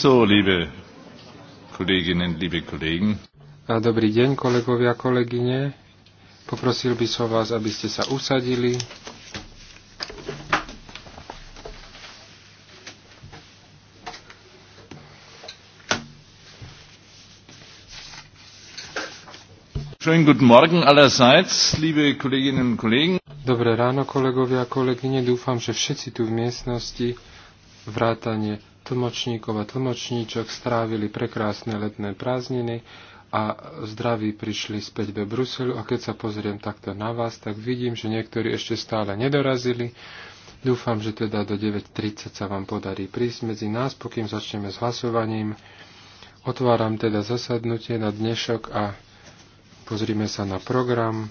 So, liebe Kolleginnen, liebe Kollegen. A dobrý deň, kolegovia, kolegyne. Poprosil by som vás, aby ste sa usadili. Schönen guten Morgen allerseits, liebe Kolleginnen und Kollegen. Dobré ráno, kolegovia a kolegyne. Dúfam, že všetci tu v miestnosti vrátane tlmočníkov a tlmočníčok strávili prekrásne letné prázdniny a zdraví prišli späť do Bruselu a keď sa pozriem takto na vás, tak vidím, že niektorí ešte stále nedorazili. Dúfam, že teda do 9.30 sa vám podarí prísť medzi nás, pokým začneme s hlasovaním. Otváram teda zasadnutie na dnešok a pozrime sa na program.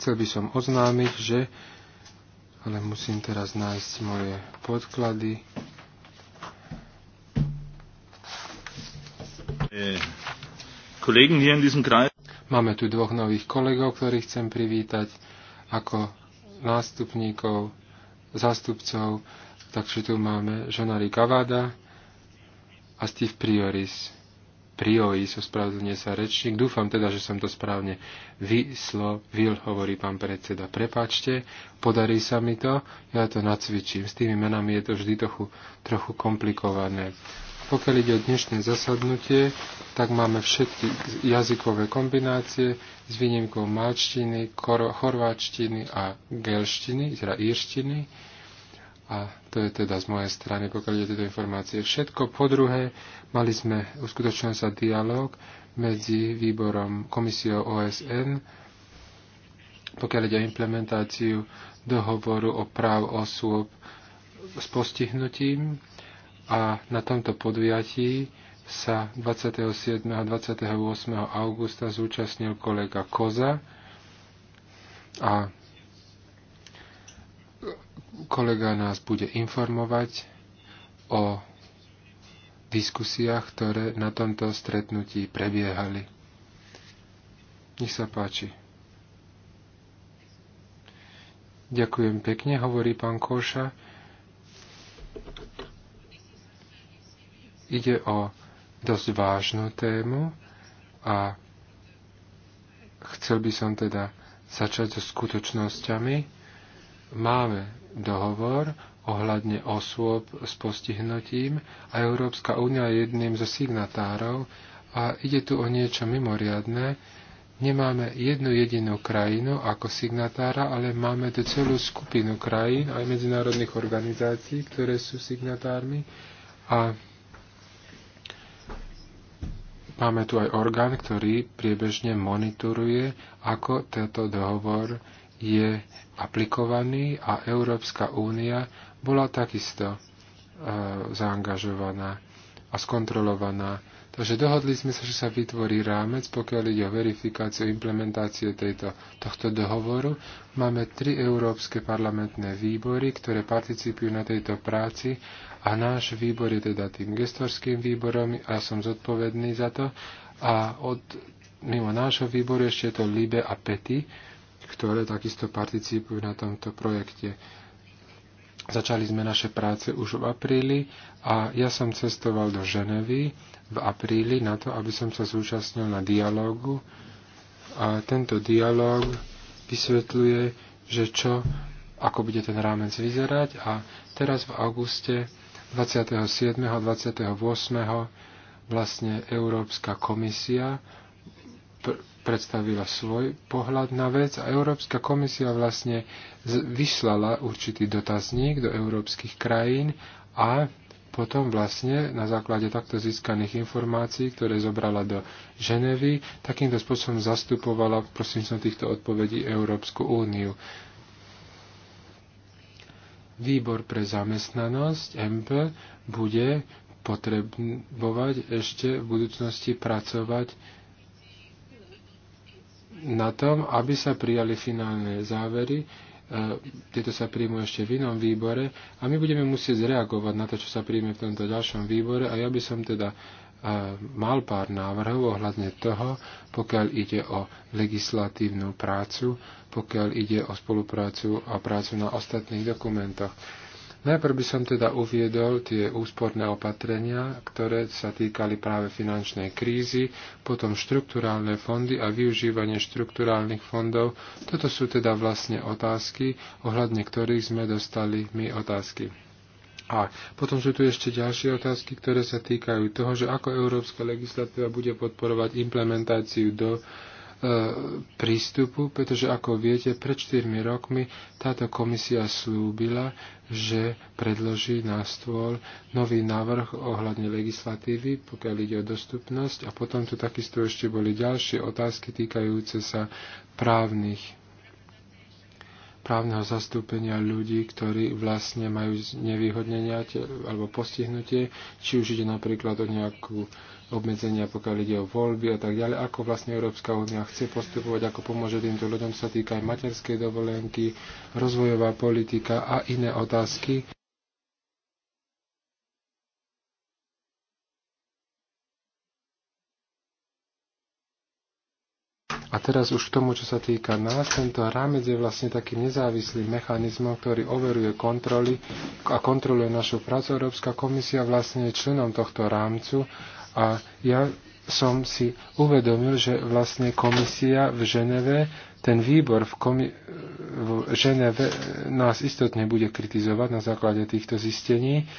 Chcel by som oznámiť, že ale musím teraz nájsť moje podklady. Eh, máme tu dvoch nových kolegov, ktorých chcem privítať ako nástupníkov, zástupcov. Takže tu máme Žonari Kavada a Steve Prioris. Prioris, ospravedlňuje sa rečník. Dúfam teda, že som to správne vyslovil, hovorí pán predseda. Prepačte, podarí sa mi to, ja to nacvičím. S tými menami je to vždy trochu, trochu komplikované. Pokiaľ ide o dnešné zasadnutie, tak máme všetky jazykové kombinácie s výnimkou malčtiny, chorváčtiny a gelštiny, teda írštiny. A to je teda z mojej strany, pokiaľ ide tieto informácie. Všetko. Po druhé, mali sme uskutočnil sa dialog medzi výborom komisiou OSN, pokiaľ ide o implementáciu dohovoru o práv osôb s postihnutím a na tomto podujatí sa 27. a 28. augusta zúčastnil kolega Koza a kolega nás bude informovať o diskusiách, ktoré na tomto stretnutí prebiehali. Nech sa páči. Ďakujem pekne, hovorí pán Koša. Ide o dosť vážnu tému a chcel by som teda začať so skutočnosťami. Máme dohovor ohľadne osôb s postihnutím a Európska únia je jedným zo signatárov a ide tu o niečo mimoriadné. Nemáme jednu jedinú krajinu ako signatára, ale máme tu celú skupinu krajín aj medzinárodných organizácií, ktoré sú signatármi a Máme tu aj orgán, ktorý priebežne monitoruje, ako tento dohovor je aplikovaný a Európska únia bola takisto e, zaangažovaná a skontrolovaná. Takže dohodli sme sa, že sa vytvorí rámec, pokiaľ ide o verifikáciu a implementáciu tejto, tohto dohovoru. Máme tri európske parlamentné výbory, ktoré participujú na tejto práci a náš výbor je teda tým gestorským výborom a som zodpovedný za to. A od, mimo nášho výboru ešte je to LIBE a PETI, ktoré takisto participujú na tomto projekte. Začali sme naše práce už v apríli a ja som cestoval do Ženevy v apríli na to, aby som sa zúčastnil na dialogu. A tento dialóg vysvetľuje, že čo, ako bude ten rámec vyzerať a teraz v auguste 27. a 28. vlastne Európska komisia predstavila svoj pohľad na vec a Európska komisia vlastne vyslala určitý dotazník do európskych krajín a potom vlastne na základe takto získaných informácií, ktoré zobrala do Ženevy, takýmto spôsobom zastupovala prosím som, týchto odpovedí Európsku úniu. Výbor pre zamestnanosť MP bude potrebovať ešte v budúcnosti pracovať na tom, aby sa prijali finálne závery. E, tieto sa príjmu ešte v inom výbore a my budeme musieť zreagovať na to, čo sa príjme v tomto ďalšom výbore a ja by som teda e, mal pár návrhov ohľadne toho, pokiaľ ide o legislatívnu prácu, pokiaľ ide o spoluprácu a prácu na ostatných dokumentoch. Najprv by som teda uviedol tie úsporné opatrenia, ktoré sa týkali práve finančnej krízy, potom štrukturálne fondy a využívanie štrukturálnych fondov. Toto sú teda vlastne otázky, ohľadne ktorých sme dostali my otázky. A potom sú tu ešte ďalšie otázky, ktoré sa týkajú toho, že ako európska legislatíva bude podporovať implementáciu do uh, E, prístupu, pretože ako viete, pred 4 rokmi táto komisia slúbila, že predloží na stôl nový návrh ohľadne legislatívy, pokiaľ ide o dostupnosť. A potom tu takisto ešte boli ďalšie otázky týkajúce sa právnych právneho zastúpenia ľudí, ktorí vlastne majú nevýhodnenia alebo postihnutie, či už ide napríklad o nejakú obmedzenia, pokiaľ ide o voľby a tak ďalej, ako vlastne Európska únia chce postupovať, ako pomôže týmto ľuďom, sa týka aj materskej dovolenky, rozvojová politika a iné otázky. A teraz už k tomu, čo sa týka nás, tento rámec je vlastne takým nezávislým mechanizmom, ktorý overuje kontroly a kontroluje našu prácu. Európska komisia vlastne je členom tohto rámcu a ja som si uvedomil, že vlastne komisia v Ženeve, ten výbor v, komi- v Ženeve nás istotne bude kritizovať na základe týchto zistení,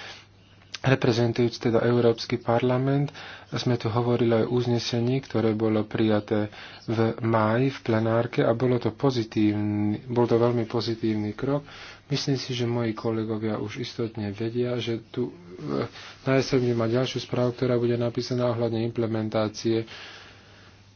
Reprezentujúc teda Európsky parlament, sme tu hovorili aj o uznesení, ktoré bolo prijaté v máji v plenárke a bolo to pozitívny, bol to veľmi pozitívny krok. Myslím si, že moji kolegovia už istotne vedia, že tu eh, na jeseň má ďalšiu správu, ktorá bude napísaná ohľadne implementácie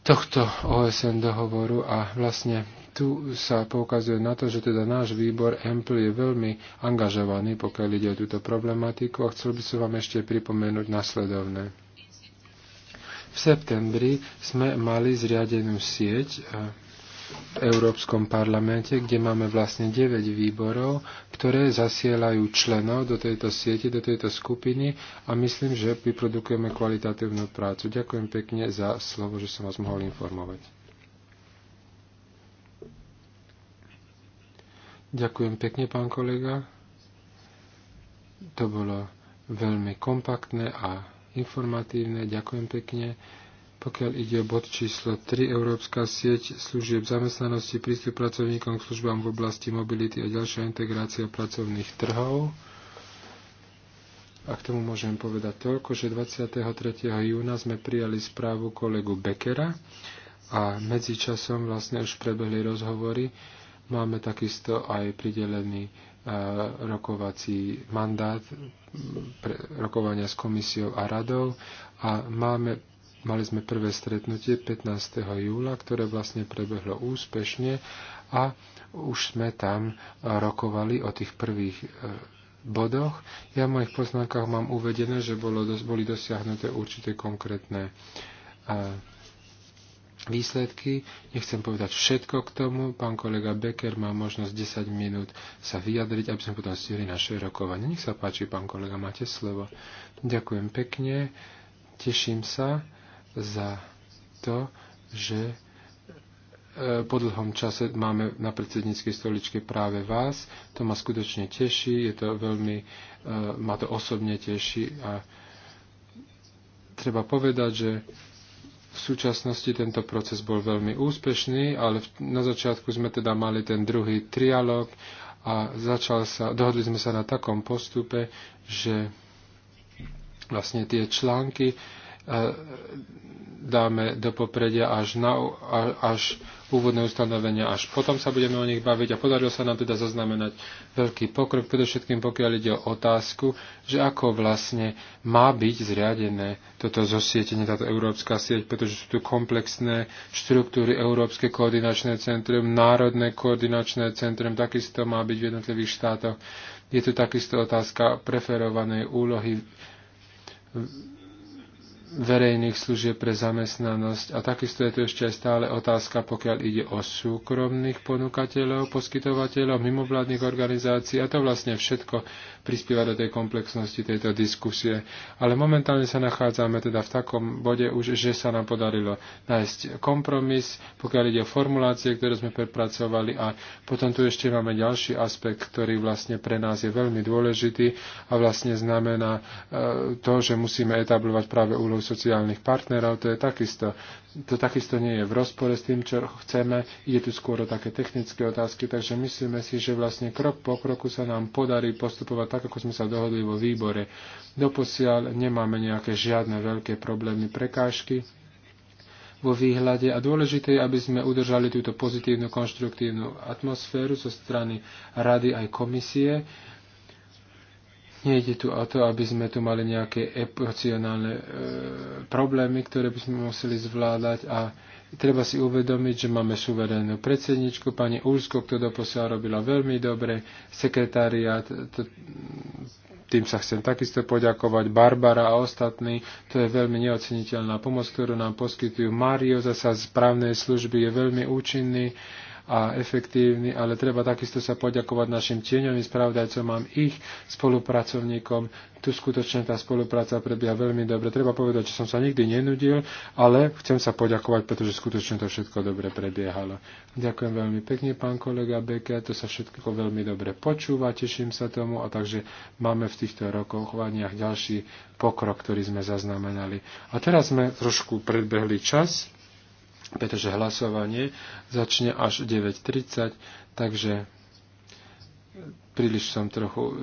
tohto OSN dohovoru a vlastne tu sa poukazuje na to, že teda náš výbor EMPL je veľmi angažovaný, pokiaľ ide o túto problematiku a chcel by som vám ešte pripomenúť nasledovné. V septembri sme mali zriadenú sieť e, v Európskom parlamente, kde máme vlastne 9 výborov, ktoré zasielajú členov do tejto siete, do tejto skupiny a myslím, že vyprodukujeme kvalitatívnu prácu. Ďakujem pekne za slovo, že som vás mohol informovať. Ďakujem pekne, pán kolega. To bolo veľmi kompaktné a informatívne. Ďakujem pekne. Pokiaľ ide o bod číslo 3, Európska sieť služieb zamestnanosti, prístup pracovníkom k službám v oblasti mobility a ďalšia integrácia pracovných trhov. A k tomu môžem povedať toľko, že 23. júna sme prijali správu kolegu Beckera a medzičasom vlastne už prebehli rozhovory Máme takisto aj pridelený e, rokovací mandát pre rokovania s komisiou a radou a máme, mali sme prvé stretnutie 15. júla, ktoré vlastne prebehlo úspešne a už sme tam e, rokovali o tých prvých e, bodoch. Ja v mojich poznámkach mám uvedené, že bolo, boli dosiahnuté určité konkrétne uh, výsledky. Nechcem povedať všetko k tomu. Pán kolega Becker má možnosť 10 minút sa vyjadriť, aby sme potom stihli naše rokovanie. Nech sa páči, pán kolega, máte slovo. Ďakujem pekne. Teším sa za to, že e, po dlhom čase máme na predsedníckej stoličke práve vás. To ma skutočne teší, je to veľmi, e, ma to osobne teší a treba povedať, že v súčasnosti tento proces bol veľmi úspešný, ale na začiatku sme teda mali ten druhý trialog a začal sa, dohodli sme sa na takom postupe, že vlastne tie články eh, dáme do popredia až, na, až úvodné ustanovenia, až potom sa budeme o nich baviť a podarilo sa nám teda zaznamenať veľký pokrok, predovšetkým pokiaľ ide o otázku, že ako vlastne má byť zriadené toto zosietenie, táto európska sieť, pretože sú tu komplexné štruktúry Európske koordinačné centrum, Národné koordinačné centrum, takisto má byť v jednotlivých štátoch. Je tu takisto otázka preferovanej úlohy verejných služieb pre zamestnanosť. A takisto je tu ešte aj stále otázka, pokiaľ ide o súkromných ponúkateľov, poskytovateľov, mimovládnych organizácií a to vlastne všetko prispieva do tej komplexnosti tejto diskusie. Ale momentálne sa nachádzame teda v takom bode už, že sa nám podarilo nájsť kompromis, pokiaľ ide o formulácie, ktoré sme prepracovali a potom tu ešte máme ďalší aspekt, ktorý vlastne pre nás je veľmi dôležitý a vlastne znamená e, to, že musíme etablovať práve úlohu sociálnych partnerov, to je takisto, to takisto nie je v rozpore s tým, čo chceme. Ide tu skôr o také technické otázky, takže myslíme si, že vlastne krok po kroku sa nám podarí postupovať tak, ako sme sa dohodli vo výbore. Doposiaľ nemáme nejaké žiadne veľké problémy, prekážky vo výhľade a dôležité je, aby sme udržali túto pozitívnu, konštruktívnu atmosféru zo strany rady aj komisie Nejde tu o to, aby sme tu mali nejaké emocionálne e, problémy, ktoré by sme museli zvládať a treba si uvedomiť, že máme suverénnu predsedničku, pani Úrsko, ktorá doposiaľ robila veľmi dobre, sekretariat, to, tým sa chcem takisto poďakovať, Barbara a ostatní, to je veľmi neoceniteľná pomoc, ktorú nám poskytujú. Mario zasa z právnej služby je veľmi účinný. E, a efektívny, ale treba takisto sa poďakovať našim tieňovým spravodajcom a ich spolupracovníkom. Tu skutočne tá spolupráca prebieha veľmi dobre. Treba povedať, že som sa nikdy nenudil, ale chcem sa poďakovať, pretože skutočne to všetko dobre prebiehalo. Ďakujem veľmi pekne, pán kolega Beke, to sa všetko veľmi dobre počúva, teším sa tomu a takže máme v týchto rokovaniach ďalší pokrok, ktorý sme zaznamenali. A teraz sme trošku predbehli čas pretože hlasovanie začne až 9.30, takže príliš som trochu e,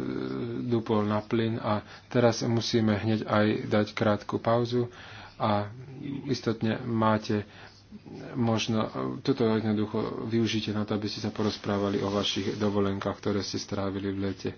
dupol na plyn a teraz musíme hneď aj dať krátku pauzu a istotne máte možno, toto jednoducho využite na to, aby ste sa porozprávali o vašich dovolenkách, ktoré ste strávili v lete.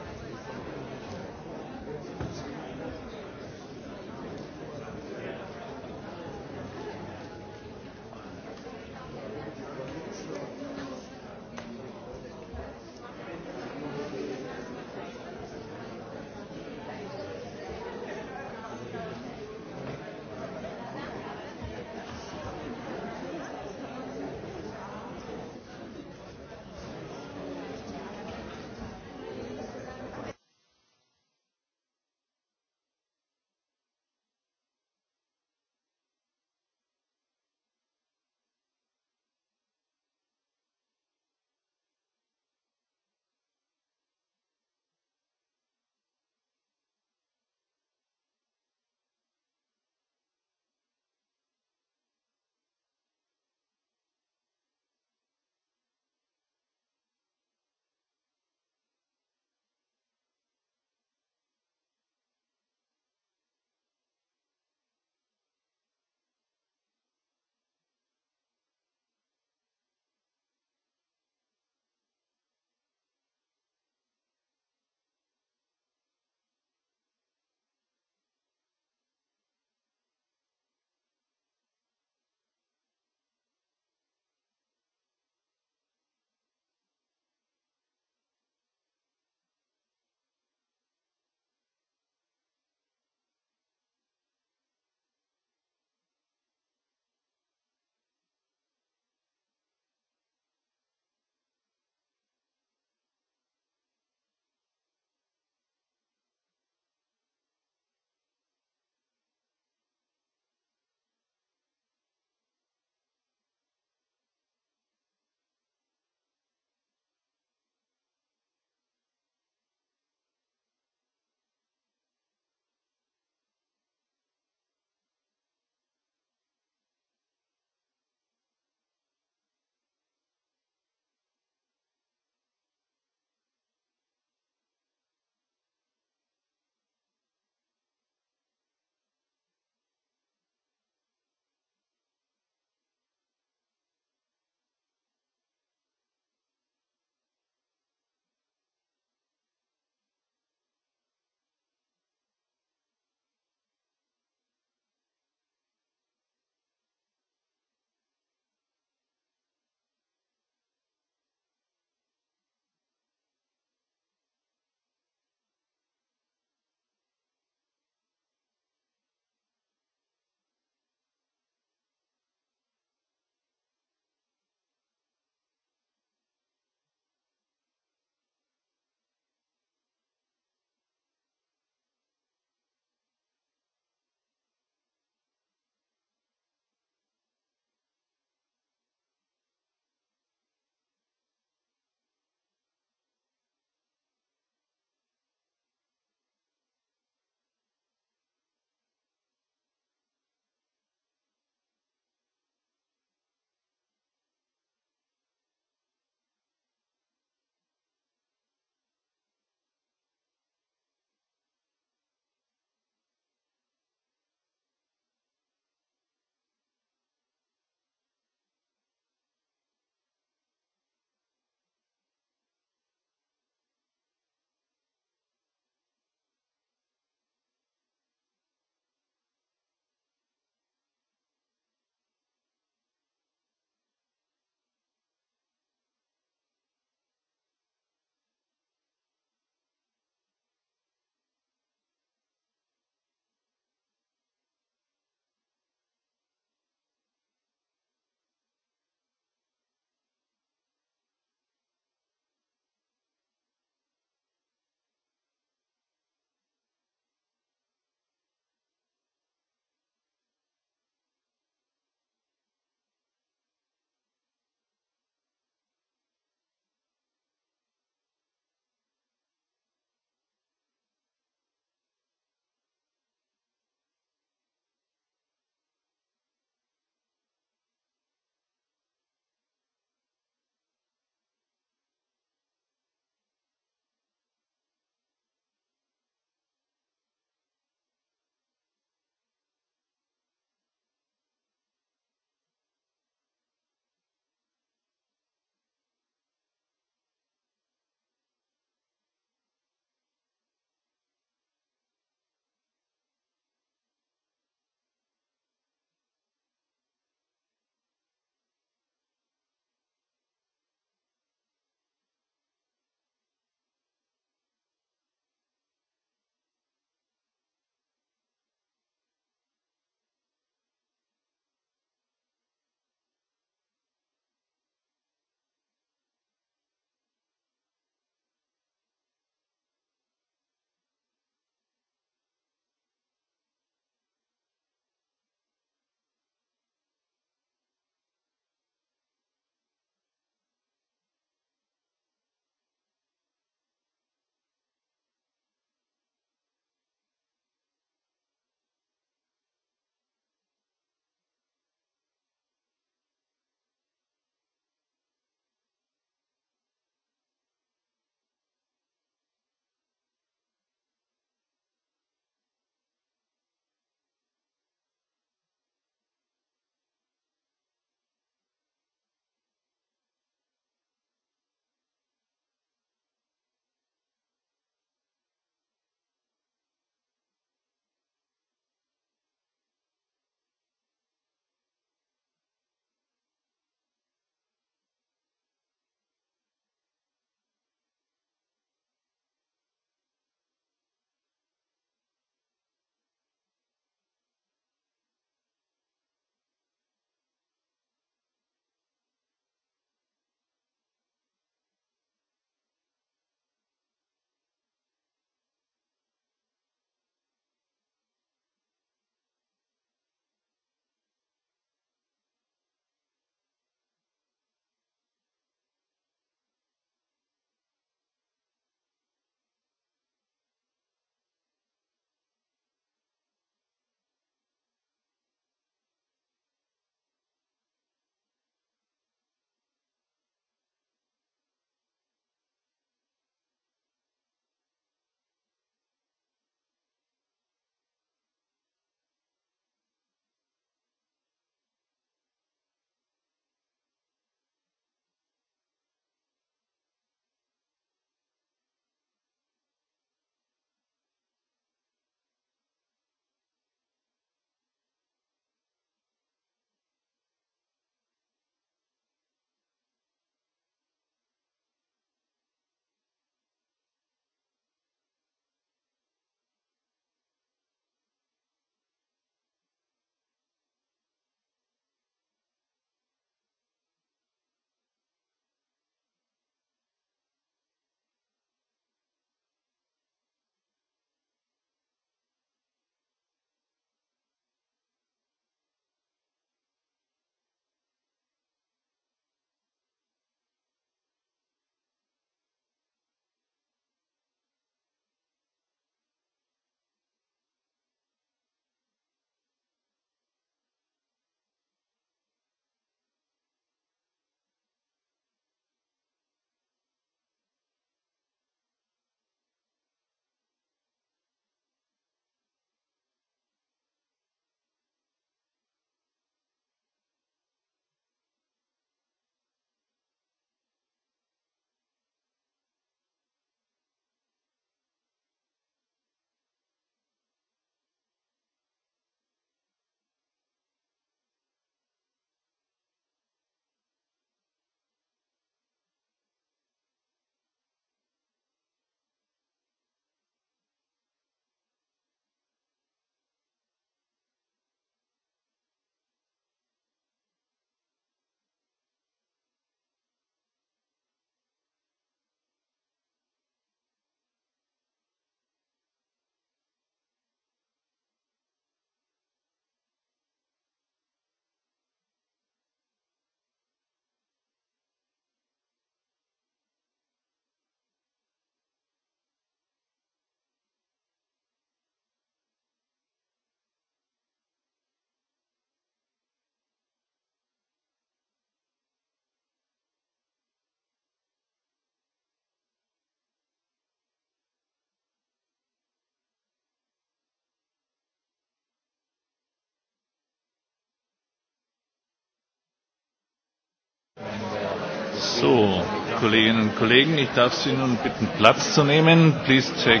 So, Kolleginnen und Kollegen, ich darf Sie nun bitten, Platz zu nehmen. Please check.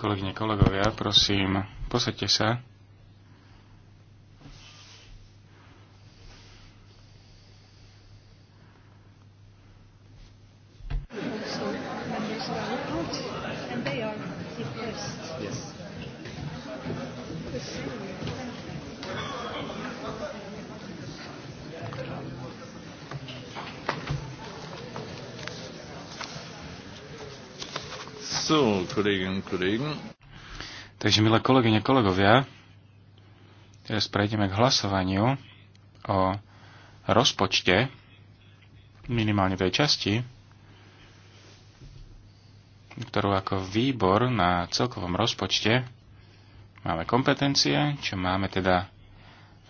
Kolegyne, kolegovia, prosím, posaďte sa. Takže, milé kolegyne, kolegovia, teraz prejdeme k hlasovaniu o rozpočte, minimálne tej časti, ktorú ako výbor na celkovom rozpočte máme kompetencie, čo máme teda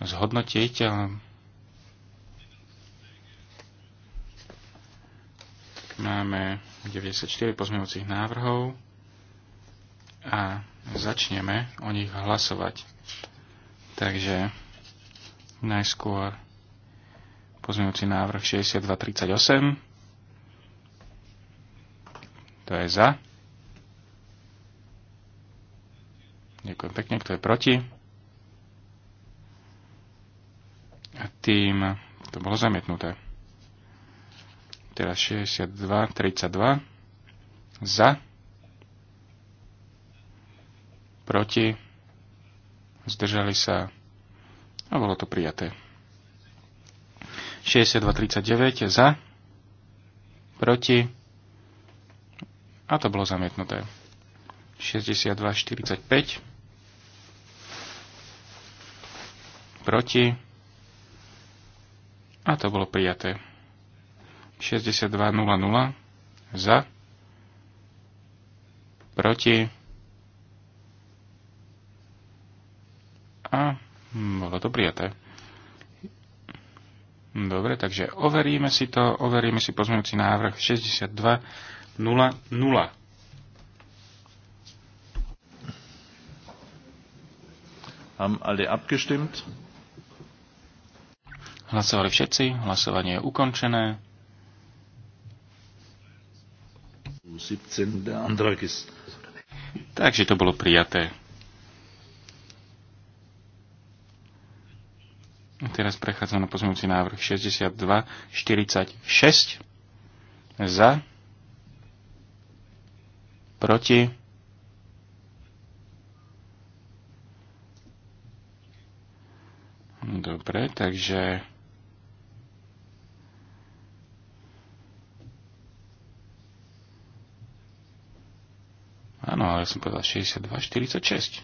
zhodnotiť máme 94 pozmeňujúcich návrhov a začneme o nich hlasovať. Takže najskôr pozmeňujúci návrh 6238. To je za. Ďakujem pekne, kto je proti. A tým to bolo zamietnuté. Teraz 62, 32. Za proti, zdržali sa a bolo to prijaté. 6239 za, proti a to bolo zamietnuté. 6245 proti a to bolo prijaté. 6200 za, proti a bolo to prijaté. Dobre, takže overíme si to, overíme si pozmeňujúci návrh 62.00. Haben alle abgestimmt? Hlasovali všetci, hlasovanie je ukončené. 17, Antrag ist... Takže to bolo prijaté. Teraz prechádzam na pozmeňujúci návrh 62, 46 za, proti, Dobre, takže Áno, ale ja som povedal 62, 46.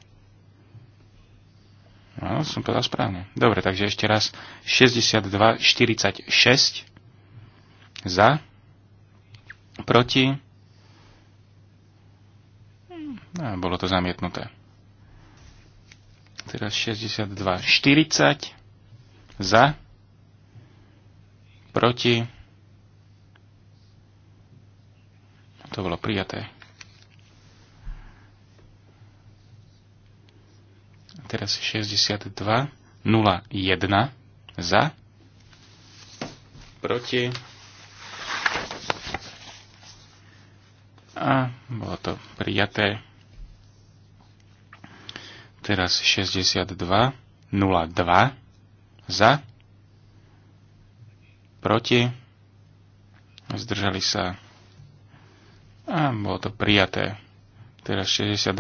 No, som povedal správne. Dobre, takže ešte raz. 62, 46 za, proti. No, bolo to zamietnuté. Teraz 62, 40 za, proti. To bolo prijaté. teraz 62,01 za, proti a bolo to prijaté. Teraz 62,02 za, proti, zdržali sa a bolo to prijaté. Teraz 62,33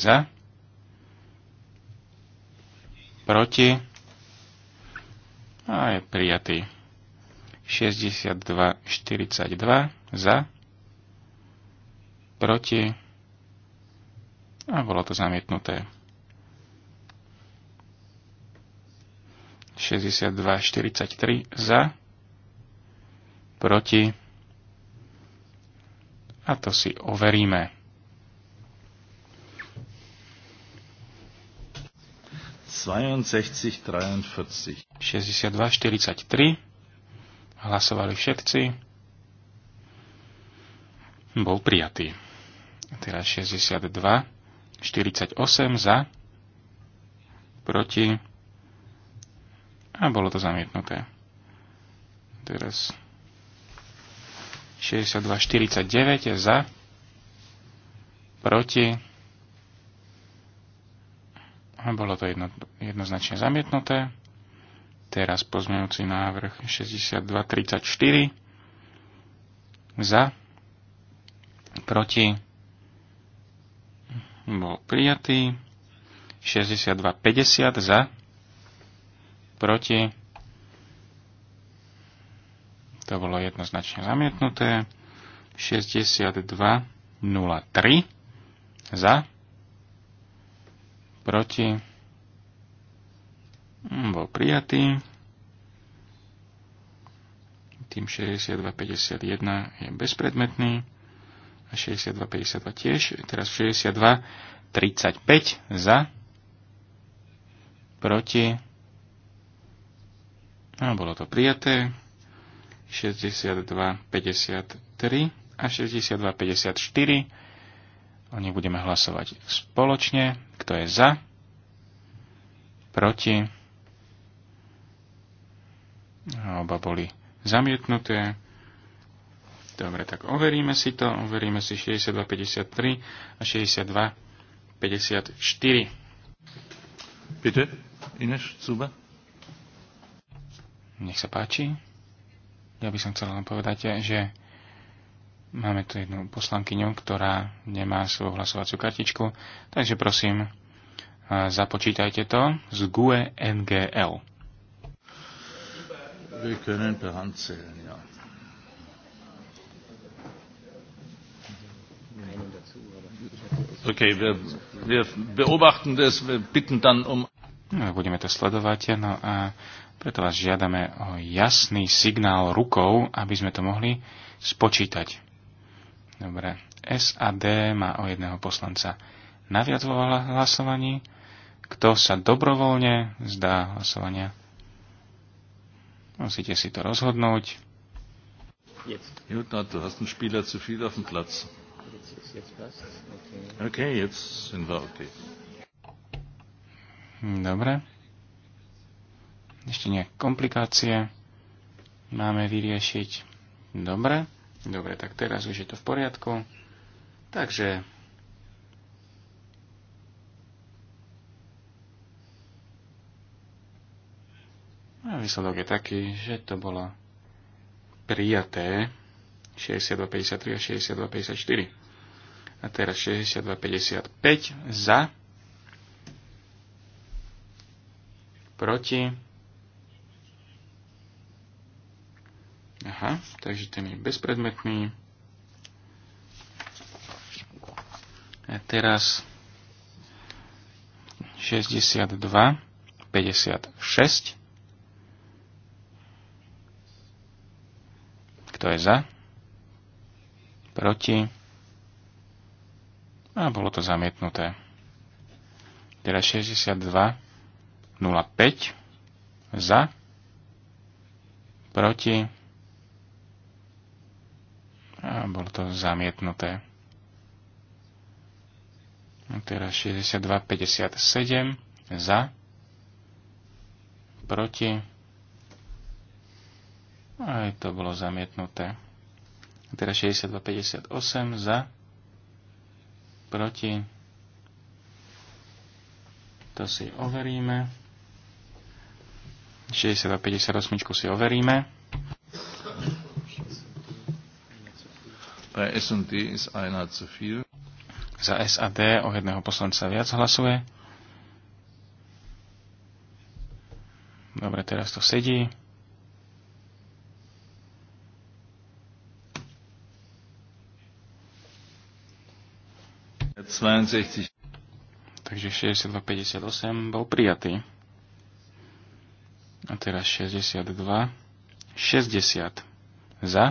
za, proti a je prijatý. 62-42 za, proti a bolo to zamietnuté. 62-43 za, proti a to si overíme. 62, 43. 62, 43. Hlasovali všetci. Bol prijatý. Teraz 62, 48 za, proti a bolo to zamietnuté. Teraz 62, 49 za, proti bolo to jedno, jednoznačne zamietnuté. Teraz pozmeňujúci návrh 6234 za, proti, bol prijatý. 6250 za, proti, to bolo jednoznačne zamietnuté. 6203 za, proti, mm, bol prijatý. Tým 62,51 je bezpredmetný a 62,52 tiež. Teraz 62,35 za, proti, a bolo to prijaté. 62,53 a 62,54. O nich budeme hlasovať spoločne. Kto je za? Proti? Oba boli zamietnuté. Dobre, tak overíme si to. Overíme si 62,53 a 62,54. Bitte, Ines Zuba. Nech sa páči. Ja by som chcel len povedať, že máme tu jednu poslankyňu, ktorá nemá svoju hlasovaciu kartičku, takže prosím, Započítajte to z GUE NGL. Okay, wir, wir beobachten das, wir bitten dann um... No, budeme to sledovať, no a preto vás žiadame o jasný signál rukou, aby sme to mohli spočítať. Dobre, SAD má o jedného poslanca naviac vo hlasovaní. Kto sa dobrovoľne zdá hlasovania? Musíte si to rozhodnúť. Jutna, du hast einen Spieler zu viel auf dem Platz. Okay, jetzt sind wir okay. Dobre. Ešte nejaké komplikácie máme vyriešiť. Dobre. Dobre, tak teraz už je to v poriadku. Takže výsledok je taký, že to bolo prijaté 62,53 a 62,54. A teraz 62,55 za, proti. Aha, takže ten je bezpredmetný. A teraz 62, 56 Kto je za? Proti? A bolo to zamietnuté. Teraz 62.05 za, proti a bolo to zamietnuté. A teraz 62.57 za, proti aj to bolo zamietnuté. Teda 62,58 za, proti. To si overíme. 62,58 si overíme. Pre S&D Za SAD o jedného poslanca viac hlasuje. Dobre, teraz to sedí. 62. Takže 62,58 bol prijatý. A teraz 62. 60 za.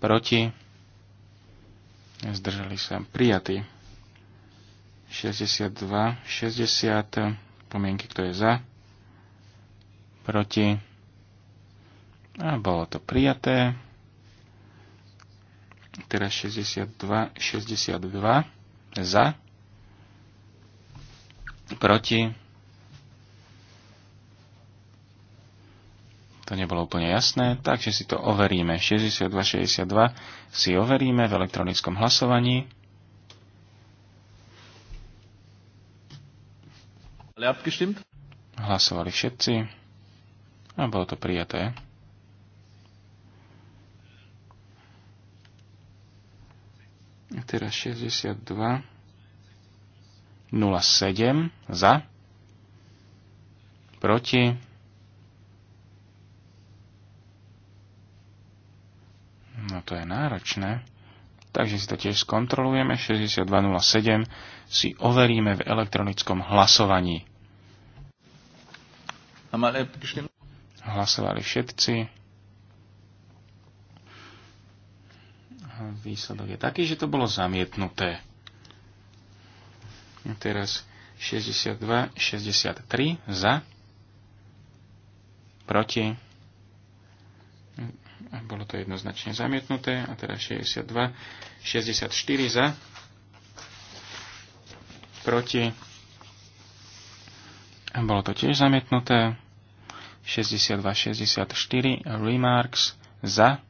Proti. Zdržali sa prijatý. 62, 60, pomienky, kto je za, proti. A bolo to prijaté. Teraz 62, 62 za, proti. To nebolo úplne jasné, takže si to overíme. 62, 62 si overíme v elektronickom hlasovaní. Hlasovali všetci a bolo to prijaté. Teda teraz 62 07 za proti No to je náročné. Takže si to tiež skontrolujeme. 6207 si overíme v elektronickom hlasovaní. Hlasovali všetci. výsledok je taký, že to bolo zamietnuté. A teraz 62, 63 za, proti, bolo to jednoznačne zamietnuté, a teraz 62, 64 za, proti, bolo to tiež zamietnuté, 62, 64, remarks za,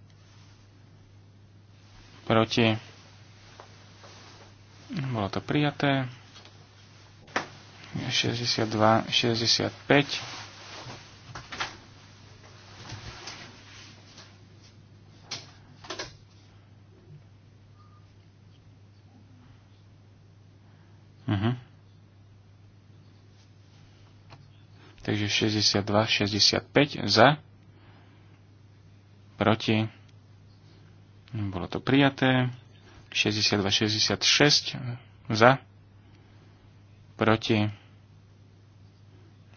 proti, bolo to prijaté, 62, 65, Uh-huh. takže 62, 65 za, proti, bolo to prijaté. 62-66 za. Proti.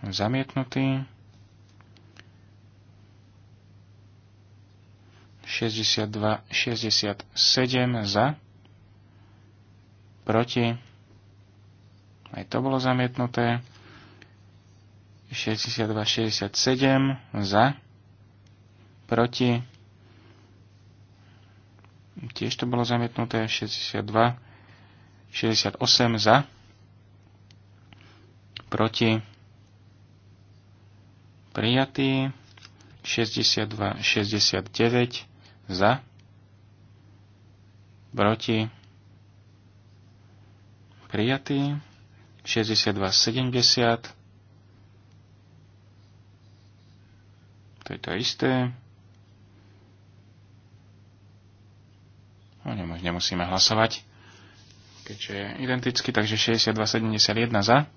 Zamietnutý. 62-67 za. Proti. Aj to bolo zamietnuté. 62-67 za. Proti Tiež to bolo zamietnuté 62, 68 za, proti, prijatý, 62, 69 za, proti, prijatý, 62, 70, to je to isté. No, nemusíme hlasovať, keďže je identický, takže 62,71 za,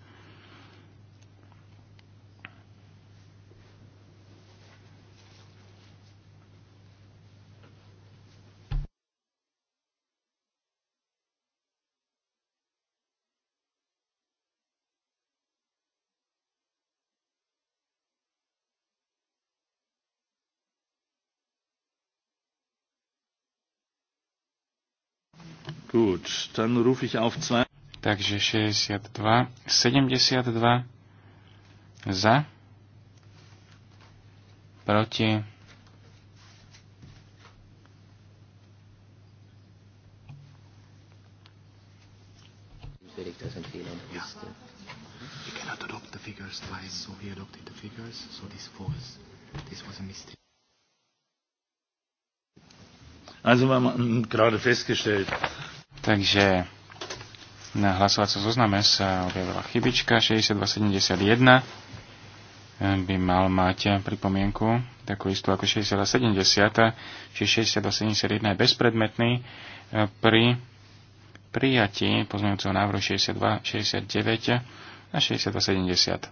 Gut, dann rufe ich auf zwei. Takže 62, 72 za, proti, Also wir haben gerade festgestellt, Takže na hlasovacom zozname sa objavila chybička 6271 by mal mať pripomienku takú istú ako 6270, čiže 6271 je bezpredmetný e, pri prijatí pozmeňujúceho návrhu 6269 a 6270.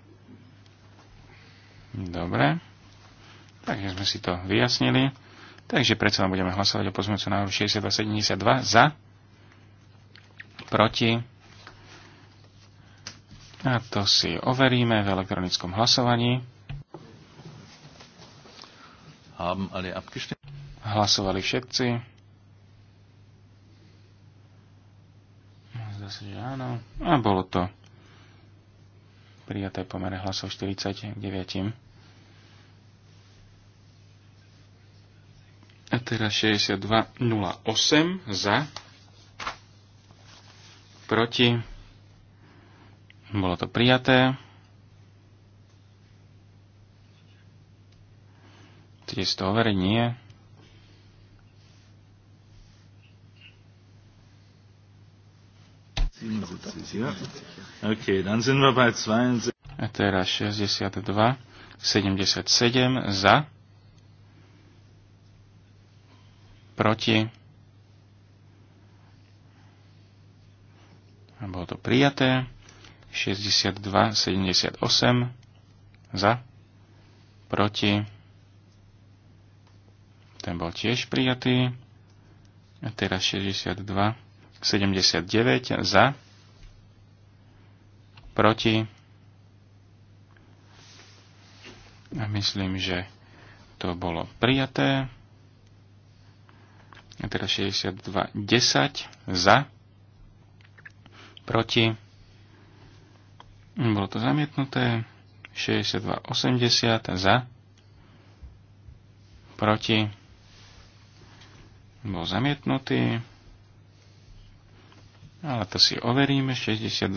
Dobre. Takže sme si to vyjasnili. Takže predsa budeme hlasovať o pozmeňujúceho návrhu 6272 za proti. A to si overíme v elektronickom hlasovaní. Hlasovali všetci. Zase, že áno. A bolo to prijaté pomere hlasov 49. A teraz 62.08 za proti, bolo to prijaté. 300 overiť nie. Okay, dann sind wir bei 72. A teraz 62, 77 za, proti, Bolo to prijaté. 62, 78 za, proti. Ten bol tiež prijatý. A teraz 62, 79 za, proti. A myslím, že to bolo prijaté. A teraz 62, 10 za, proti, bolo to zamietnuté, 62,80 za, proti, bol zamietnutý, ale to si overíme, 62,80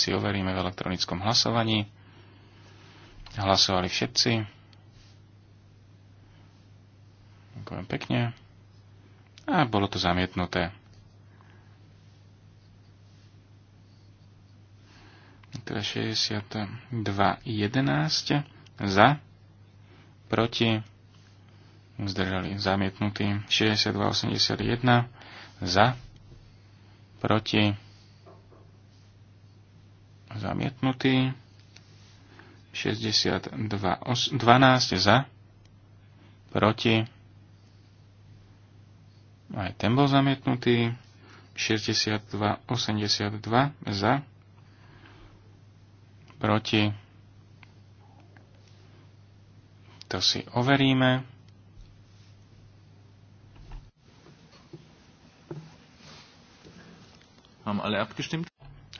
si overíme v elektronickom hlasovaní, hlasovali všetci, ďakujem pekne, a bolo to zamietnuté. teda 11 za, proti, zdržali zamietnutý, 62.81 za, proti, zamietnutý, 62, 12 za, proti, aj ten bol zamietnutý, 62, 82 za, proti. To si overíme. Mám ale abgestimmt?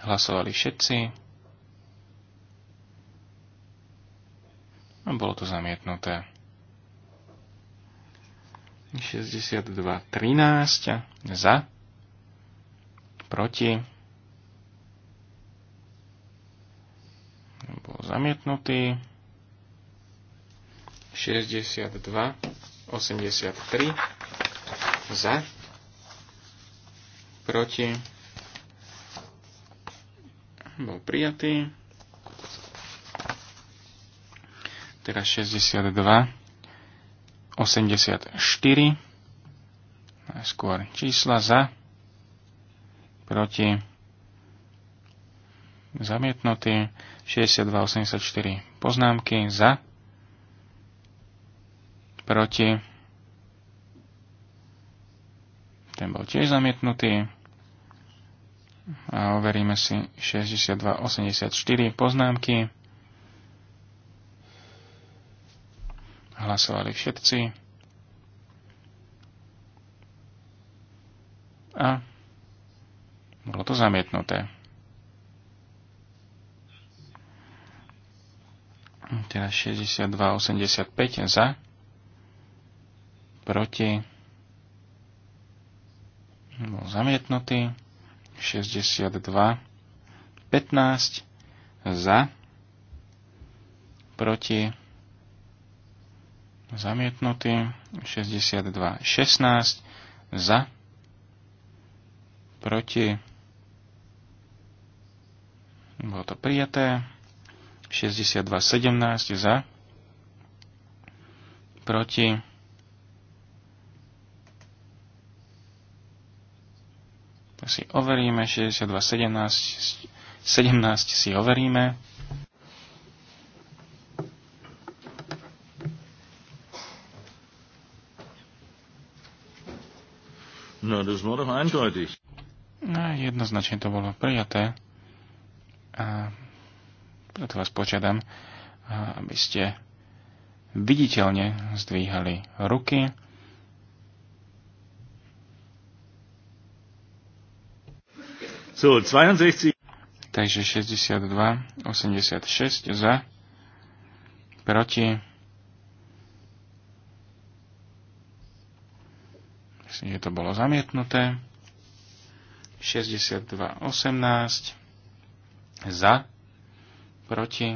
Hlasovali všetci. A bolo to zamietnuté. 62.13 za, proti zamietnutý. 62, 83 za, proti, bol prijatý. Teraz 62, 84, najskôr čísla za, proti, zamietnutý, 62,84 poznámky za, proti, ten bol tiež zamietnutý, a overíme si 62,84 poznámky. Hlasovali všetci. A bolo to zamietnuté. teda 62,85 za. Proti. Bol zamietnutý. 62,15 za. Proti. Zamietnutý. 62,16 za. Proti. Bolo to prijaté. 62-17 za, proti, to si overíme, 62-17, 17 si overíme. No, das war doch eindeutig. Na, no, jednoznačne to bolo prijaté. A preto vás požiadam, aby ste viditeľne zdvíhali ruky. So, 62. Takže 62, 86 za, proti. Myslím, že to bolo zamietnuté. 62, 18 za, proti,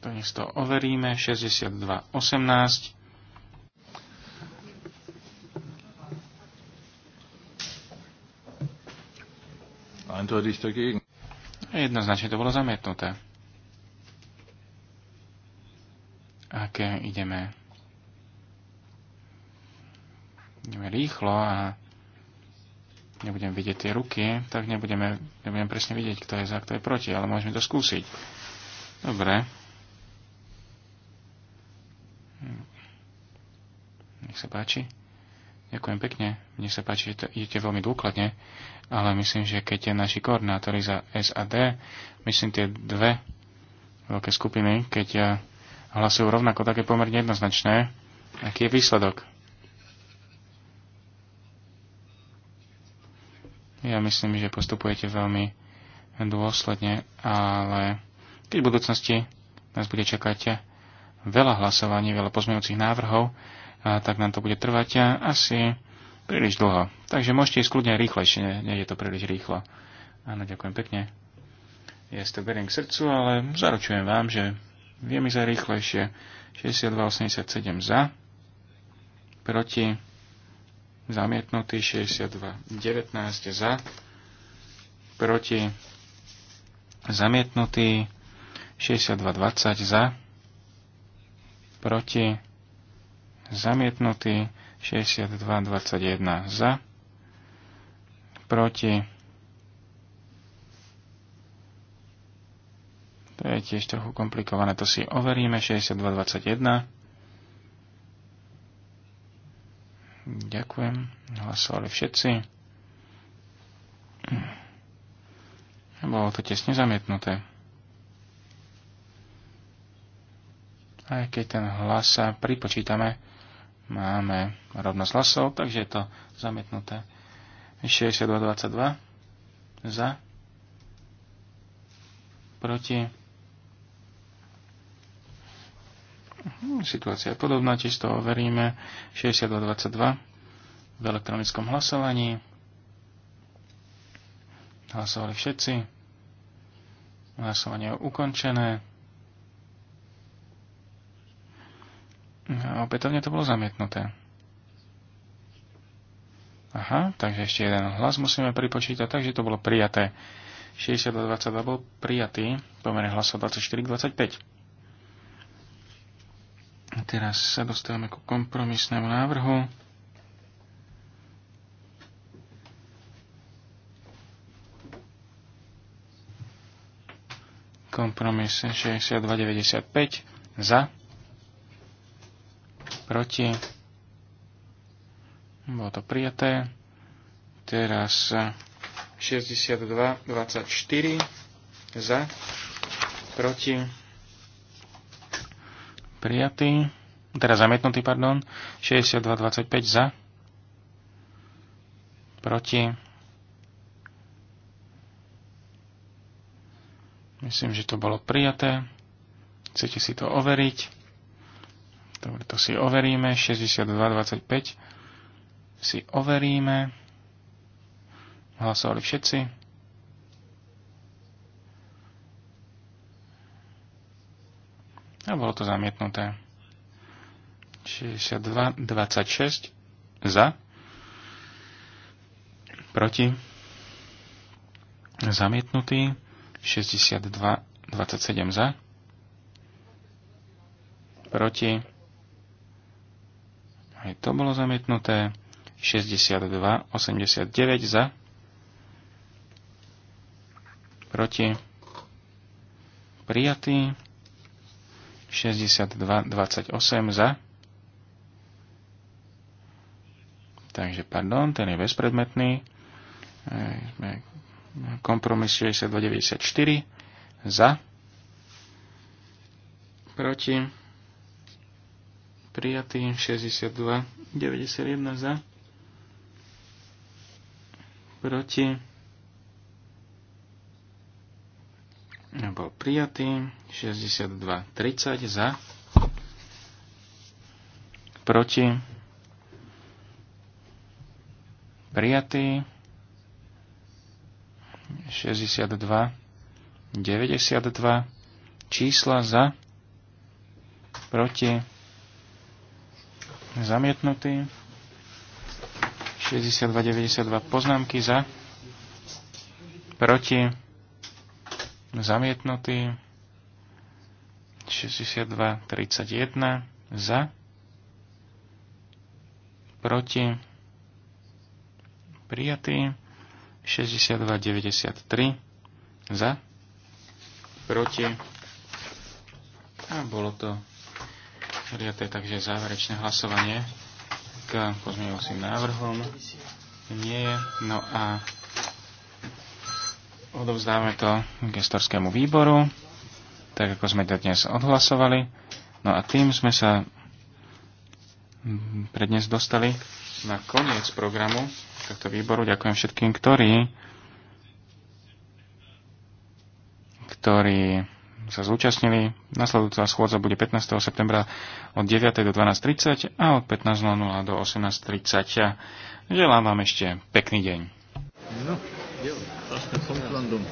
to nech to overíme, 62.18. Jednoznačne to bolo zamietnuté. Ak ideme, ideme rýchlo a nebudem vidieť tie ruky, tak nebudeme, nebudem presne vidieť, kto je za, kto je proti, ale môžeme to skúsiť. Dobre. Nech sa páči. Ďakujem pekne. Mne sa páči, že to idete veľmi dôkladne, ale myslím, že keď tie naši koordinátori za S a D myslím tie dve veľké skupiny, keď eh, hlasujú rovnako, tak je pomerne jednoznačné, aký je výsledok. Ja myslím, že postupujete veľmi dôsledne, ale keď v budúcnosti nás bude čakať veľa hlasovaní, veľa pozmeňujúcich návrhov, a tak nám to bude trvať asi príliš dlho. Takže môžete ísť kľudne rýchlejšie, nie je to príliš rýchlo. Áno, ďakujem pekne. Ja si to beriem k srdcu, ale zaručujem vám, že mi ísť rýchlejšie. 62,87 za, proti zamietnutý 62, 19 za, proti, zamietnutý 62, 20 za, proti, zamietnutý 62, 21 za, proti, to je tiež trochu komplikované, to si overíme, 62, 21 Ďakujem. Hlasovali všetci. Hm. Bolo to tesne zamietnuté. Aj keď ten hlas sa pripočítame, máme rovnosť hlasov, takže je to zamietnuté. 62,22 za, proti Situácia je podobná, tiež to overíme. 22 v elektronickom hlasovaní. Hlasovali všetci. Hlasovanie je ukončené. A no, opätovne to bolo zamietnuté. Aha, takže ešte jeden hlas musíme pripočítať, takže to bolo prijaté. 62-22 bol prijatý, pomerne hlasov 24 25. A teraz sa dostávame ku kompromisnému návrhu. Kompromis 62,95 za, proti, bolo to prijaté. Teraz 62,24 za, proti, prijatý, teraz zamietnutý, pardon, 62,25 za, proti, myslím, že to bolo prijaté, chcete si to overiť, dobre, to si overíme, 62,25 si overíme, hlasovali všetci, a bolo to zamietnuté. 62, 26 za, proti, zamietnutý, 62, 27 za, proti, aj to bolo zamietnuté, 62, 89 za, proti, prijatý, 62-28 za. Takže pardon, ten je bezpredmetný. Kompromis 62-94 za. Proti. Prijatý 62-91 za. Proti bol prijatý. 62.30 za. Proti. Prijatý. 62. 92. Čísla za. Proti. Zamietnutý. 62, 92 poznámky za. Proti zamietnutý. 62-31 za, proti, prijatý. 62-93 za, proti. A bolo to prijaté, takže záverečné hlasovanie k pozmeňovacím návrhom nie je. No a Odovzdáme to gestorskému výboru, tak ako sme to dnes odhlasovali. No a tým sme sa pre dnes dostali na koniec programu tohto výboru. Ďakujem všetkým, ktorí, ktorí sa zúčastnili. Nasledujúca schôdza bude 15. septembra od 9. do 12.30 a od 15.00 do 18.30. Želám vám ešte pekný deň. No. Ja, das ist eine Punktlandung.